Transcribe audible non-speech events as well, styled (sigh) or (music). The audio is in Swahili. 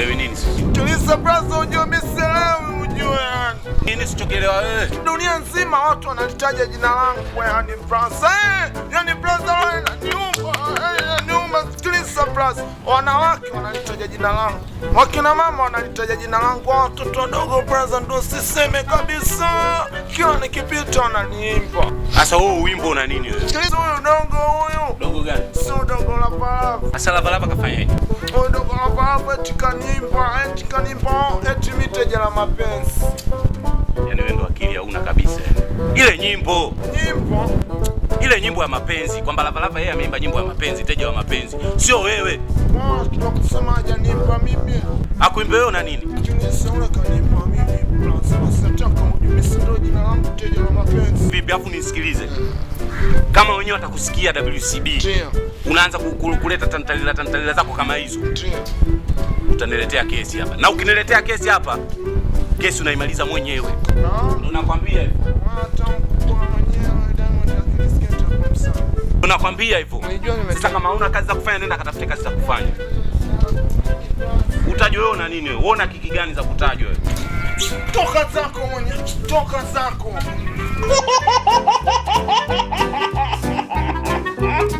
Uelewi nini sisi? Tulisa brazo nini? Sichokielewa wewe. Dunia nzima watu wanalitaja jina langu yani brazo. na Tulisa brazo. wanawake wanalitaja jina langu, wakina mama wanalitaja jina langu, watoto wadogo brazo ndo siseme kabisa, kila nikipita wananiimba. Asa huu wimbo una nini wewe? Tulisa huyu dongo huyu. Dongo gani? Si dongo la palapa. Sasa la palapa kafanyaje? eti kanimba, eti kanimba, eti miteja la mapenzi. Yaani wewe ndo akili hauna kabisa. Yaani. Ile nyimbo nyimbo ile nyimbo ya mapenzi kwamba Lavalava yeye ameimba nyimbo ya mapenzi, teja wa mapenzi, sio wewe. Tunakusemaje? nimba mimi akuimbe wewe na nini? Vipi afu nisikilize, kama wenyewe watakusikia WCB unaanza kuleta tantalila tantalila zako kama hizo utaniletea kesi hapa, na ukiniletea kesi hapa, kesi unaimaliza mwenyewe, unakwambia hivyo, unakwambia hivyo. Sasa kama una kazi za kufanya, nenda katafute kazi za kufanya. Utajwa wewe na nini wewe? Uona kiki gani za kutajwa wewe? Toka zako mwenyewe, toka zako (laughs)